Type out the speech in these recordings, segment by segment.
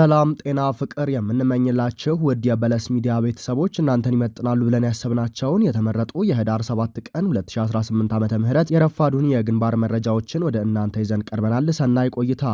ሰላም፣ ጤና፣ ፍቅር የምንመኝላችሁ ውድ የበለስ ሚዲያ ቤተሰቦች እናንተን ይመጥናሉ ብለን ያሰብናቸውን የተመረጡ የህዳር 7 ቀን 2018 ዓ ም የረፋዱን የግንባር መረጃዎችን ወደ እናንተ ይዘን ቀርበናል። ሰናይ ቆይታ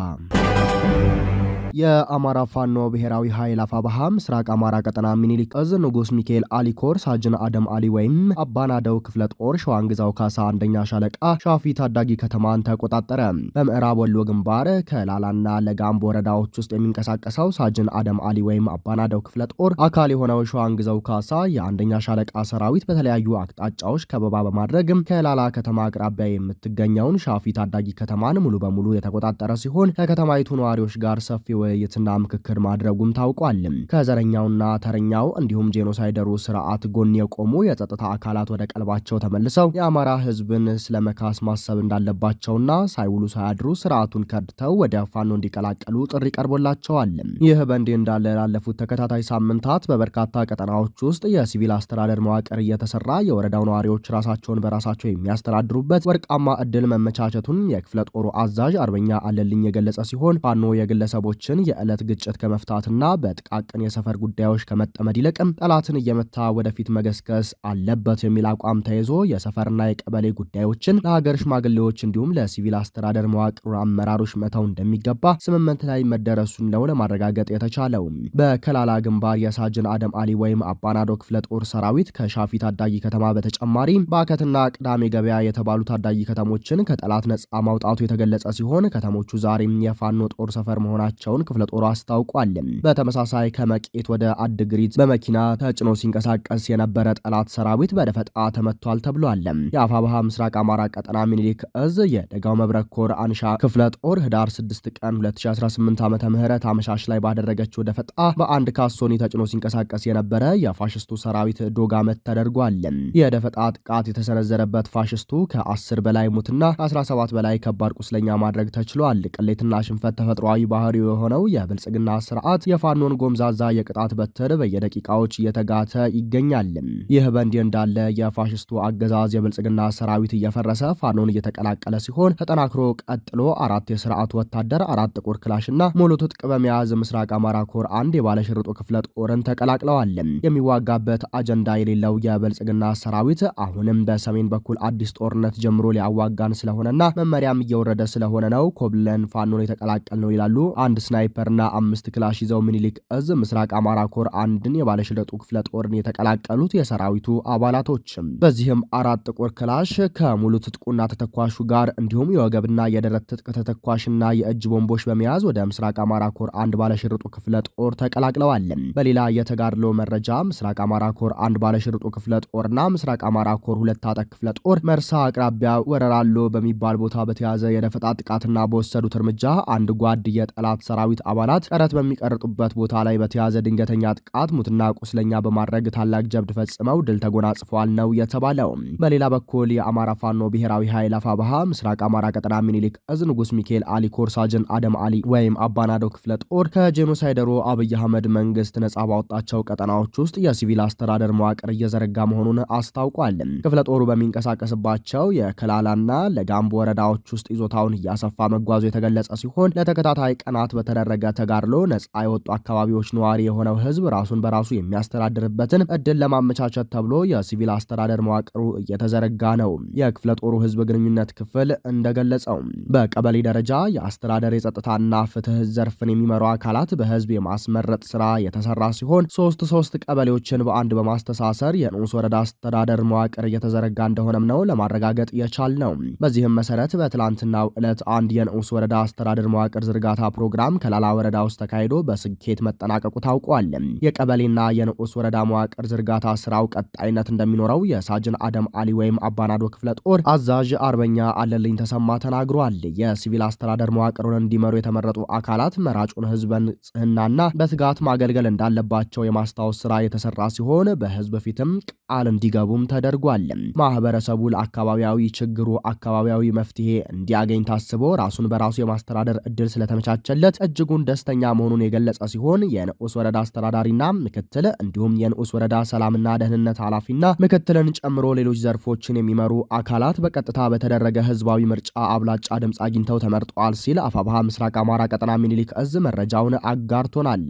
የአማራ ፋኖ ብሔራዊ ኃይል አፋባሃ ምስራቅ አማራ ቀጠና ሚኒሊክ እዝ ንጉስ ሚካኤል አሊኮር ሳጅን አደም አሊ ወይም አባናደው ክፍለ ጦር ሸዋንግዛው ካሳ አንደኛ ሻለቃ ሻፊ ታዳጊ ከተማን ተቆጣጠረ። በምዕራብ ወሎ ግንባር ከላላና ለጋምቦ ወረዳዎች ውስጥ የሚንቀሳቀሰው ሳጅን አደም አሊ ወይም አባናደው ክፍለ ጦር አካል የሆነው ሸዋንግዛው ካሳ የአንደኛ ሻለቃ ሰራዊት በተለያዩ አቅጣጫዎች ከበባ በማድረግ ከላላ ከተማ አቅራቢያ የምትገኘውን ሻፊ ታዳጊ ከተማን ሙሉ በሙሉ የተቆጣጠረ ሲሆን ከከተማይቱ ነዋሪዎች ጋር ሰፊ ውይይትና ምክክር ማድረጉም ታውቋል። ከዘረኛውና ተረኛው እንዲሁም ጄኖሳይደሩ ስርዓት ጎን የቆሙ የጸጥታ አካላት ወደ ቀልባቸው ተመልሰው የአማራ ህዝብን ስለመካስ ማሰብ እንዳለባቸውና ሳይውሉ ሳያድሩ ስርዓቱን ከድተው ወደ ፋኖ እንዲቀላቀሉ ጥሪ ቀርቦላቸዋል። ይህ በእንዲህ እንዳለ ላለፉት ተከታታይ ሳምንታት በበርካታ ቀጠናዎች ውስጥ የሲቪል አስተዳደር መዋቅር እየተሰራ የወረዳው ነዋሪዎች ራሳቸውን በራሳቸው የሚያስተዳድሩበት ወርቃማ እድል መመቻቸቱን የክፍለ ጦሩ አዛዥ አርበኛ አለልኝ የገለጸ ሲሆን ፋኖ የግለሰቦች ችግሮችን የዕለት ግጭት ከመፍታትና በጥቃቅን የሰፈር ጉዳዮች ከመጠመድ ይለቅም ጠላትን እየመታ ወደፊት መገስገስ አለበት የሚል አቋም ተይዞ የሰፈርና የቀበሌ ጉዳዮችን ለሀገር ሽማግሌዎች እንዲሁም ለሲቪል አስተዳደር መዋቅሩ አመራሮች መተው እንደሚገባ ስምምነት ላይ መደረሱን ነው ለማረጋገጥ የተቻለው። በከላላ ግንባር የሳጅን አደም አሊ ወይም አባናዶ ክፍለ ጦር ሰራዊት ከሻፊ ታዳጊ ከተማ በተጨማሪ በአከትና ቅዳሜ ገበያ የተባሉ ታዳጊ ከተሞችን ከጠላት ነጻ ማውጣቱ የተገለጸ ሲሆን ከተሞቹ ዛሬም የፋኖ ጦር ሰፈር መሆናቸውን መሆናቸውን ክፍለ ጦሩ አስታውቋል። በተመሳሳይ ከመቄት ወደ አድግሪት በመኪና ተጭኖ ሲንቀሳቀስ የነበረ ጠላት ሰራዊት በደፈጣ ተመቷል ተብሏል። የአፋባሃ ምስራቅ አማራ ቀጠና ሚኒሊክ እዝ የደጋው መብረክ ኮር አንሻ ክፍለ ጦር ህዳር 6 ቀን 2018 ዓ ም አመሻሽ ላይ ባደረገችው ደፈጣ በአንድ ካሶኒ ተጭኖ ሲንቀሳቀስ የነበረ የፋሽስቱ ሰራዊት ዶጋመት ተደርጓል። የደፈጣ ጥቃት የተሰነዘረበት ፋሽስቱ ከ10 በላይ ሙትና ከ17 በላይ ከባድ ቁስለኛ ማድረግ ተችሏል። ቅሌትና ሽንፈት ተፈጥሯዊ ባህሪው የሆነ የሆነው የብልጽግና ስርዓት የፋኖን ጎምዛዛ የቅጣት በትር በየደቂቃዎች እየተጋተ ይገኛል። ይህ በእንዲህ እንዳለ የፋሽስቱ አገዛዝ የብልጽግና ሰራዊት እየፈረሰ ፋኖን እየተቀላቀለ ሲሆን ተጠናክሮ ቀጥሎ አራት የስርዓቱ ወታደር አራት ጥቁር ክላሽና ሙሉ ትጥቅ በመያዝ ምስራቅ አማራ ኮር አንድ የባለሽርጡ ክፍለ ጦርን ተቀላቅለዋል። የሚዋጋበት አጀንዳ የሌለው የብልጽግና ሰራዊት አሁንም በሰሜን በኩል አዲስ ጦርነት ጀምሮ ሊያዋጋን ስለሆነና መመሪያም እየወረደ ስለሆነ ነው ኮብለን ፋኖን የተቀላቀል ነው ይላሉ አንድ ስናይፐርና አምስት ክላሽ ይዘው ምኒልክ እዝ ምስራቅ አማራ ኮር አንድን የባለሽለጡ ክፍለ ጦርን የተቀላቀሉት የሰራዊቱ አባላቶችም በዚህም አራት ጥቁር ክላሽ ከሙሉ ትጥቁና ተተኳሹ ጋር እንዲሁም የወገብና የደረት ትጥቅ ተተኳሽና የእጅ ቦምቦች በመያዝ ወደ ምስራቅ አማራ ኮር አንድ ባለሽርጡ ክፍለ ጦር ተቀላቅለዋል። በሌላ የተጋድሎ መረጃ ምስራቅ አማራ ኮር አንድ ባለሽርጡ ክፍለ ጦርና ምስራቅ አማራ ኮር ሁለት አጠቅ ክፍለ ጦር መርሳ አቅራቢያ ወረራሎ በሚባል ቦታ በተያዘ የደፈጣ ጥቃትና በወሰዱት እርምጃ አንድ ጓድ የጠላት ሰራ ሰራዊት አባላት ቀረት በሚቀርጡበት ቦታ ላይ በተያዘ ድንገተኛ ጥቃት ሙትና ቁስለኛ በማድረግ ታላቅ ጀብድ ፈጽመው ድል ተጎናጽፏል ነው የተባለው። በሌላ በኩል የአማራ ፋኖ ብሔራዊ ኃይል አፋባሃ ምስራቅ አማራ ቀጠና ሚኒሊክ እዝ ንጉስ ሚካኤል አሊ ኮር አደም አሊ ወይም አባናዶ ክፍለ ጦር ከጄኖሳይደሩ አብይ አህመድ መንግስት ነጻ ባወጣቸው ቀጠናዎች ውስጥ የሲቪል አስተዳደር መዋቅር እየዘረጋ መሆኑን አስታውቋል። ክፍለ ጦሩ በሚንቀሳቀስባቸው የከላላና ለጋምቦ ወረዳዎች ውስጥ ይዞታውን እያሰፋ መጓዙ የተገለጸ ሲሆን ለተከታታይ ቀናት በተለ ከተደረገ ተጋድሎ ነጻ የወጡ አካባቢዎች ነዋሪ የሆነው ህዝብ ራሱን በራሱ የሚያስተዳድርበትን እድል ለማመቻቸት ተብሎ የሲቪል አስተዳደር መዋቅሩ እየተዘረጋ ነው። የክፍለ ጦሩ ህዝብ ግንኙነት ክፍል እንደገለጸው በቀበሌ ደረጃ የአስተዳደር የጸጥታና ፍትህ ዘርፍን የሚመሩ አካላት በህዝብ የማስመረጥ ስራ የተሰራ ሲሆን ሶስት ሶስት ቀበሌዎችን በአንድ በማስተሳሰር የንዑስ ወረዳ አስተዳደር መዋቅር እየተዘረጋ እንደሆነም ነው ለማረጋገጥ የቻል ነው። በዚህም መሰረት በትላንትናው ዕለት አንድ የንዑስ ወረዳ አስተዳደር መዋቅር ዝርጋታ ፕሮግራም ከላላ ወረዳ ውስጥ ተካሂዶ በስኬት መጠናቀቁ ታውቋል። የቀበሌና የንዑስ ወረዳ መዋቅር ዝርጋታ ስራው ቀጣይነት እንደሚኖረው የሳጅን አደም አሊ ወይም አባናዶ ክፍለ ጦር አዛዥ አርበኛ አለልኝ ተሰማ ተናግሯል። የሲቪል አስተዳደር መዋቅሩን እንዲመሩ የተመረጡ አካላት መራጩን ህዝብ በንጽህናና በትጋት ማገልገል እንዳለባቸው የማስታወስ ስራ የተሰራ ሲሆን በህዝብ ፊትም ቃል እንዲገቡም ተደርጓል። ማህበረሰቡ ለአካባቢያዊ ችግሩ አካባቢያዊ መፍትሄ እንዲያገኝ ታስቦ ራሱን በራሱ የማስተዳደር እድል ስለተመቻቸለት እጅጉን ደስተኛ መሆኑን የገለጸ ሲሆን የንዑስ ወረዳ አስተዳዳሪና ምክትል እንዲሁም የንዑስ ወረዳ ሰላምና ደህንነት ኃላፊና ምክትልን ጨምሮ ሌሎች ዘርፎችን የሚመሩ አካላት በቀጥታ በተደረገ ህዝባዊ ምርጫ አብላጫ ድምፅ አግኝተው ተመርጠዋል ሲል አፋብሃ ምስራቅ አማራ ቀጠና ሚኒሊክ እዝ መረጃውን አጋርቶናል።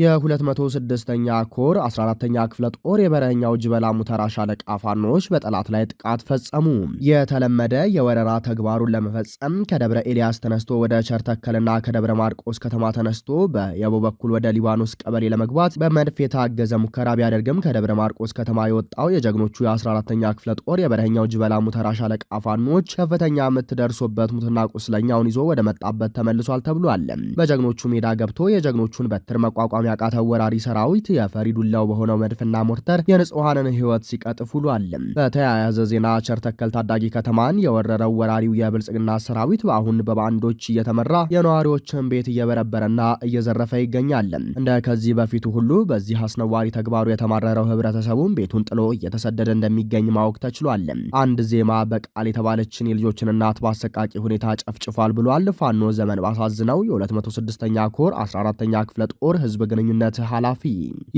የ206ኛ ኮር 14ኛ ክፍለ ጦር የበረኛው ጅበላ ሙተራ ሻለቃ ፋኖች በጠላት ላይ ጥቃት ፈጸሙ። የተለመደ የወረራ ተግባሩን ለመፈጸም ከደብረ ኤልያስ ተነስቶ ወደ ቸርተከልና ከደብረ ማርቆስ ከተማ ተነስቶ በየቦ በኩል ወደ ሊባኖስ ቀበሌ ለመግባት በመድፍ የታገዘ ሙከራ ቢያደርግም ከደብረ ማርቆስ ከተማ የወጣው የጀግኖቹ የ14ኛ ክፍለ ጦር የበረኛው ጅበላ ሙተራ ሻለቃ ፋኖች ከፍተኛ ምት ደርሶበት ሙትና ቁስለኛውን ይዞ ወደ መጣበት ተመልሷል ተብሏል። በጀግኖቹ ሜዳ ገብቶ የጀግኖቹን በትር መቋቋም መቋቋም ያቃተው ወራሪ ሰራዊት የፈሪዱላው በሆነው መድፍና ሞርተር የንጹሐንን ህይወት ሲቀጥፍ ውሏል። በተያያዘ ዜና ቸርተከል ታዳጊ ከተማን የወረረው ወራሪው የብልጽግና ሰራዊት አሁን በባንዶች እየተመራ የነዋሪዎችን ቤት እየበረበረና እየዘረፈ ይገኛል። እንደ ከዚህ በፊቱ ሁሉ በዚህ አስነዋሪ ተግባሩ የተማረረው ህብረተሰቡም ቤቱን ጥሎ እየተሰደደ እንደሚገኝ ማወቅ ተችሏል። አንድ ዜማ በቃል የተባለችን የልጆችን እናት በአሰቃቂ ሁኔታ ጨፍጭፏል ብሏል። ፋኖ ዘመን ባሳዝነው የ206ኛ ኮር 14ኛ ክፍለ ጦር ህዝብ ግንኙነት ኃላፊ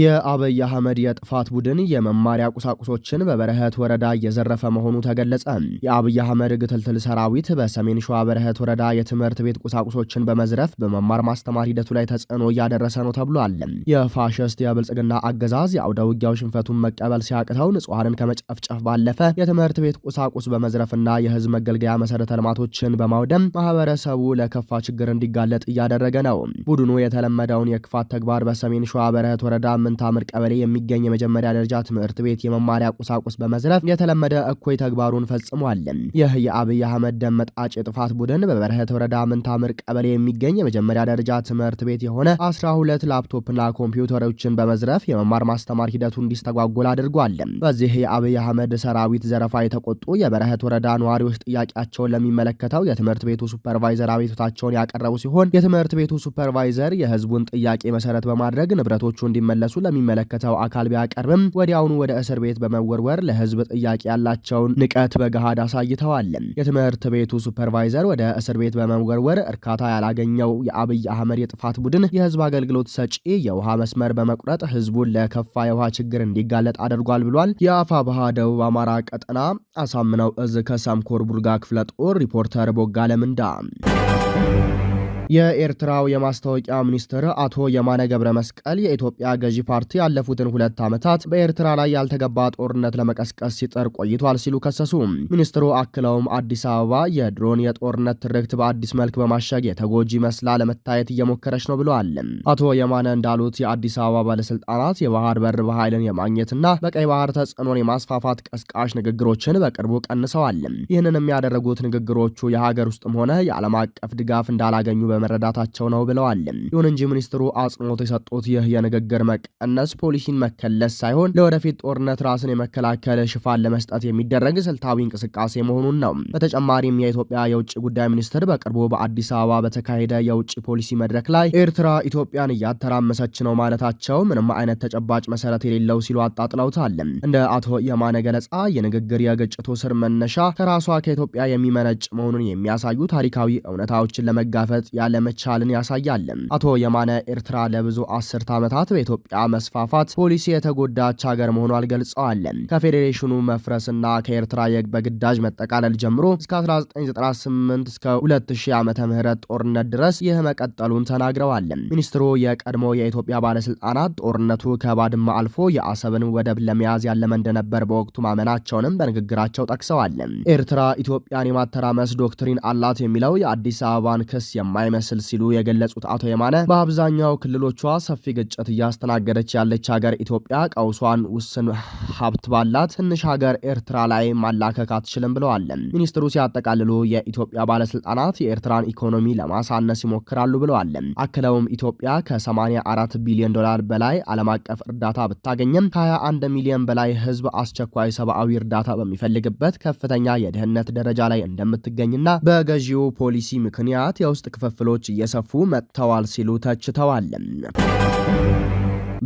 የአብይ አህመድ የጥፋት ቡድን የመማሪያ ቁሳቁሶችን በበረኸት ወረዳ እየዘረፈ መሆኑ ተገለጸ። የአብይ አህመድ ግትልትል ሰራዊት በሰሜን ሸዋ በረኸት ወረዳ የትምህርት ቤት ቁሳቁሶችን በመዝረፍ በመማር ማስተማር ሂደቱ ላይ ተጽዕኖ እያደረሰ ነው ተብሏል። የፋሽስት የብልጽግና አገዛዝ የአውደ ውጊያው ሽንፈቱን መቀበል ሲያቅተው ንጹሐንን ከመጨፍጨፍ ባለፈ የትምህርት ቤት ቁሳቁስ በመዝረፍና የህዝብ መገልገያ መሰረተ ልማቶችን በማውደም ማህበረሰቡ ለከፋ ችግር እንዲጋለጥ እያደረገ ነው። ቡድኑ የተለመደውን የክፋት ተግባር በሰሜን ሸዋ በረህት ወረዳ ምንታምር ቀበሌ የሚገኝ የመጀመሪያ ደረጃ ትምህርት ቤት የመማሪያ ቁሳቁስ በመዝረፍ የተለመደ እኩይ ተግባሩን ፈጽሟል። ይህ የአብይ አህመድ ደም መጣጭ የጥፋት ቡድን በበረህት ወረዳ ምንታምር ቀበሌ የሚገኝ የመጀመሪያ ደረጃ ትምህርት ቤት የሆነ 12 ላፕቶፕና ኮምፒውተሮችን በመዝረፍ የመማር ማስተማር ሂደቱ እንዲስተጓጎል አድርጓል። በዚህ የአብይ አህመድ ሰራዊት ዘረፋ የተቆጡ የበረህት ወረዳ ነዋሪዎች ጥያቄያቸውን ለሚመለከተው የትምህርት ቤቱ ሱፐርቫይዘር አቤቱታቸውን ያቀረቡ ሲሆን የትምህርት ቤቱ ሱፐርቫይዘር የህዝቡን ጥያቄ መሰረት በማድረግ ንብረቶቹ እንዲመለሱ ለሚመለከተው አካል ቢያቀርብም ወዲያውኑ ወደ እስር ቤት በመወርወር ለህዝብ ጥያቄ ያላቸውን ንቀት በገሃድ አሳይተዋል። የትምህርት ቤቱ ሱፐርቫይዘር ወደ እስር ቤት በመወርወር እርካታ ያላገኘው የአብይ አህመድ የጥፋት ቡድን የህዝብ አገልግሎት ሰጪ የውሃ መስመር በመቁረጥ ህዝቡን ለከፋ የውሃ ችግር እንዲጋለጥ አድርጓል ብሏል። የአፋ ባህ ደቡብ አማራ ቀጠና አሳምነው እዝ ከሳምኮር ቡርጋ ክፍለ ጦር ሪፖርተር Thank you. የኤርትራው የማስታወቂያ ሚኒስትር አቶ የማነ ገብረ መስቀል የኢትዮጵያ ገዢ ፓርቲ ያለፉትን ሁለት ዓመታት በኤርትራ ላይ ያልተገባ ጦርነት ለመቀስቀስ ሲጥር ቆይቷል ሲሉ ከሰሱ። ሚኒስትሩ አክለውም አዲስ አበባ የድሮን የጦርነት ትርክት በአዲስ መልክ በማሸግ የተጎጂ መስላ ለመታየት እየሞከረች ነው ብለዋል። አቶ የማነ እንዳሉት የአዲስ አበባ ባለስልጣናት የባህር በር በኃይልን የማግኘትና በቀይ ባህር ተጽዕኖን የማስፋፋት ቀስቃሽ ንግግሮችን በቅርቡ ቀንሰዋል። ይህንን የሚያደረጉት ንግግሮቹ የሀገር ውስጥም ሆነ የዓለም አቀፍ ድጋፍ እንዳላገኙ በመረዳታቸው ነው ብለዋል። ይሁን እንጂ ሚኒስትሩ አጽንኦት የሰጡት ይህ የንግግር መቀነስ ፖሊሲን መከለስ ሳይሆን ለወደፊት ጦርነት ራስን የመከላከል ሽፋን ለመስጠት የሚደረግ ስልታዊ እንቅስቃሴ መሆኑን ነው። በተጨማሪም የኢትዮጵያ የውጭ ጉዳይ ሚኒስትር በቅርቡ በአዲስ አበባ በተካሄደ የውጭ ፖሊሲ መድረክ ላይ ኤርትራ ኢትዮጵያን እያተራመሰች ነው ማለታቸው ምንም አይነት ተጨባጭ መሰረት የሌለው ሲሉ አጣጥለውታል። እንደ አቶ የማነ ገለጻ የንግግር የግጭቱ ስር መነሻ ከራሷ ከኢትዮጵያ የሚመነጭ መሆኑን የሚያሳዩ ታሪካዊ እውነታዎችን ለመጋፈጥ ያ አለመቻልን ያሳያል። አቶ የማነ ኤርትራ ለብዙ አስርት ዓመታት በኢትዮጵያ መስፋፋት ፖሊሲ የተጎዳች ሀገር መሆኗን ገልጸዋል። ከፌዴሬሽኑ መፍረስና ከኤርትራ በግዳጅ መጠቃለል ጀምሮ እስከ 1998 እስከ 2000 ዓመተ ምህረት ጦርነት ድረስ ይህ መቀጠሉን ተናግረዋል። ሚኒስትሩ የቀድሞ የኢትዮጵያ ባለስልጣናት ጦርነቱ ከባድማ አልፎ የአሰብን ወደብ ለመያዝ ያለመ እንደነበር በወቅቱ ማመናቸውንም በንግግራቸው ጠቅሰዋል። ኤርትራ ኢትዮጵያን የማተራመስ ዶክትሪን አላት የሚለው የአዲስ አበባን ክስ የማይመስል የሚመስል ሲሉ የገለጹት አቶ የማነ በአብዛኛው ክልሎቿ ሰፊ ግጭት እያስተናገደች ያለች ሀገር ኢትዮጵያ ቀውሷን ውስን ሀብት ባላት ትንሽ ሀገር ኤርትራ ላይ ማላከክ አትችልም ብለዋል። ሚኒስትሩ ሲያጠቃልሉ የኢትዮጵያ ባለስልጣናት የኤርትራን ኢኮኖሚ ለማሳነስ ይሞክራሉ ብለዋል። አክለውም ኢትዮጵያ ከ84 ቢሊዮን ዶላር በላይ ዓለም አቀፍ እርዳታ ብታገኝም ከ21 ሚሊዮን በላይ ህዝብ አስቸኳይ ሰብአዊ እርዳታ በሚፈልግበት ከፍተኛ የድህነት ደረጃ ላይ እንደምትገኝና በገዢው ፖሊሲ ምክንያት የውስጥ ክፍፍሉ ክፍሎች እየሰፉ መጥተዋል ሲሉ ተችተዋል።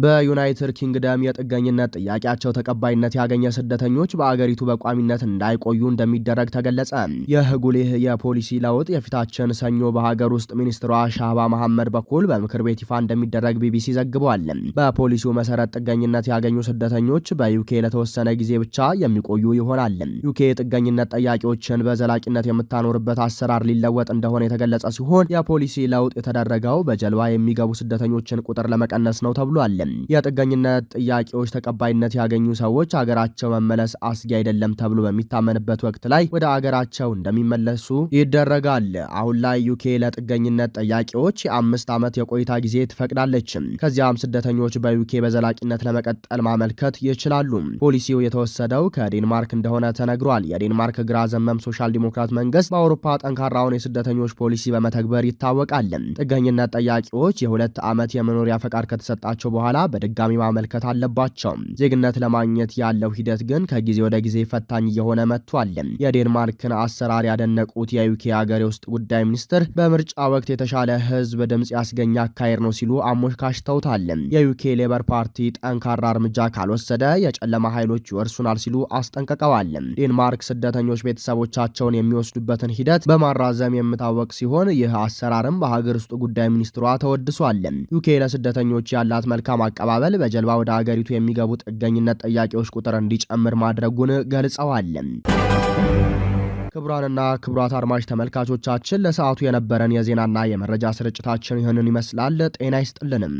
በዩናይትድ ኪንግደም የጥገኝነት ጥያቄያቸው ተቀባይነት ያገኘ ስደተኞች በአገሪቱ በቋሚነት እንዳይቆዩ እንደሚደረግ ተገለጸ። ይህ ጉልህ የፖሊሲ ለውጥ የፊታችን ሰኞ በሀገር ውስጥ ሚኒስትሯ ሻህባ መሐመድ በኩል በምክር ቤት ይፋ እንደሚደረግ ቢቢሲ ዘግቧል። በፖሊሲው መሰረት ጥገኝነት ያገኙ ስደተኞች በዩኬ ለተወሰነ ጊዜ ብቻ የሚቆዩ ይሆናል። ዩኬ ጥገኝነት ጥያቄዎችን በዘላቂነት የምታኖርበት አሰራር ሊለወጥ እንደሆነ የተገለጸ ሲሆን የፖሊሲ ለውጥ የተደረገው በጀልባ የሚገቡ ስደተኞችን ቁጥር ለመቀነስ ነው ተብሏል። የጥገኝነት ጥያቄዎች ተቀባይነት ያገኙ ሰዎች አገራቸው መመለስ አስጊ አይደለም ተብሎ በሚታመንበት ወቅት ላይ ወደ አገራቸው እንደሚመለሱ ይደረጋል። አሁን ላይ ዩኬ ለጥገኝነት ጥያቄዎች የአምስት ዓመት የቆይታ ጊዜ ትፈቅዳለች። ከዚያም ስደተኞች በዩኬ በዘላቂነት ለመቀጠል ማመልከት ይችላሉ። ፖሊሲው የተወሰደው ከዴንማርክ እንደሆነ ተነግሯል። የዴንማርክ ግራ ዘመም ሶሻል ዲሞክራት መንግስት በአውሮፓ ጠንካራውን የስደተኞች ፖሊሲ በመተግበር ይታወቃል። ጥገኝነት ጠያቂዎች የሁለት ዓመት የመኖሪያ ፈቃድ ከተሰጣቸው በኋላ በኋላ በድጋሚ ማመልከት አለባቸው። ዜግነት ለማግኘት ያለው ሂደት ግን ከጊዜ ወደ ጊዜ ፈታኝ እየሆነ መጥቷል። የዴንማርክን አሰራር ያደነቁት የዩኬ ሀገር የውስጥ ጉዳይ ሚኒስትር በምርጫ ወቅት የተሻለ ህዝብ ድምፅ ያስገኘ አካሄድ ነው ሲሉ አሞካሽተውታል። የዩኬ ሌበር ፓርቲ ጠንካራ እርምጃ ካልወሰደ የጨለማ ኃይሎች ይወርሱናል ሲሉ አስጠንቅቀዋል። ዴንማርክ ስደተኞች ቤተሰቦቻቸውን የሚወስዱበትን ሂደት በማራዘም የምታወቅ ሲሆን ይህ አሰራርም በሀገር ውስጥ ጉዳይ ሚኒስትሯ ተወድሷል። ዩኬ ለስደተኞች ያላት መልካም በማቀባበል በጀልባ ወደ አገሪቱ የሚገቡ ጥገኝነት ጠያቂዎች ቁጥር እንዲጨምር ማድረጉን ገልጸዋል። ክቡራንና ክቡራት አድማጭ ተመልካቾቻችን ለሰዓቱ የነበረን የዜናና የመረጃ ስርጭታችን ይህንን ይመስላል። ጤና ይስጥልንም።